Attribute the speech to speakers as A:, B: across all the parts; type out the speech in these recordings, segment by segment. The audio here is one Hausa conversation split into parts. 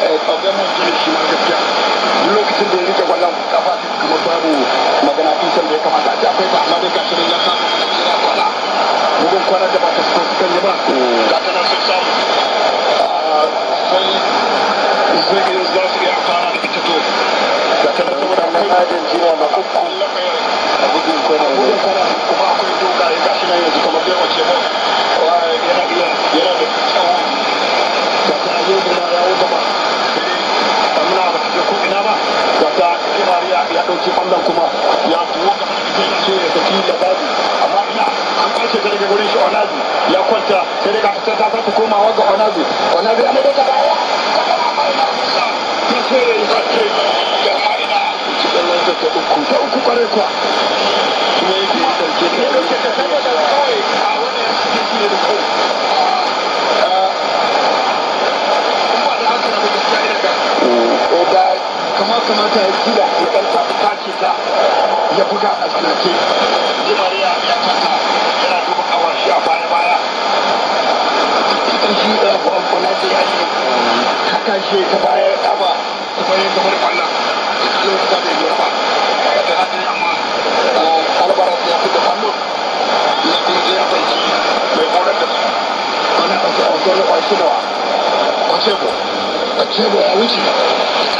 A: problema shi shi ma gaskiya duk lokacin da ya rike kwallon kafa sai kuma babu magana isan da ya kamata a ce akwai na kwana bugun kwana da ba ta so su sanya ba ga ta nan sun samu sun zai ga se su iya fara da ita to ga ta nan saboda kai ajin jina a bugun shi ɓangaren kuma ya tuwo ga hannun ce ya saki da daji amma ina an kwashe ta daga gurin shi onazi ya kwanta sai daga ta ta sake koma wanga onazi onazi an daga baya ta shirya yi bakke da ma'ina cikin lantar ta uku ta uku kwarai kuwa kuma yake yi sarki ne ɗauke ta saboda kawai a wani ya suke shi ne da kawai kamata ya kira buga a tsanake di maria ya kasa yana duba kawar shi a baya baya shi da kwanfana da ya ce haka shi ta baya dama kuma yin kamar kwallon tsakanin kusa da yiwuwa ba ya ta hajji amma albaras ya fi da kwallon ya kuma je ya ɗauki mai ƙaunar da su wani ɗauki a wasu rikon shi da wa kwacebo kwacebo ya wuce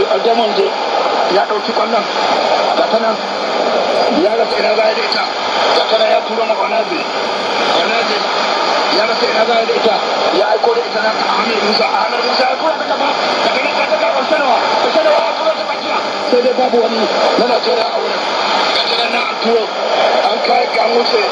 A: Damonde a ya kwallon ga ta nan ya rasa ina za da ita ga ta ya ma ya rasa ina za da ita ya aiko da ita nan a hannun Musa a hannun Musa ya tura ta gaba nan ta ya ta sai dai babu wani na Najeriya a wurin ga ta nan an turo an kai ga wuce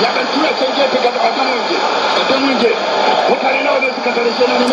A: やがてや先生ってかあ当たるんじゃ当たるんじゃ他にのです方でしょ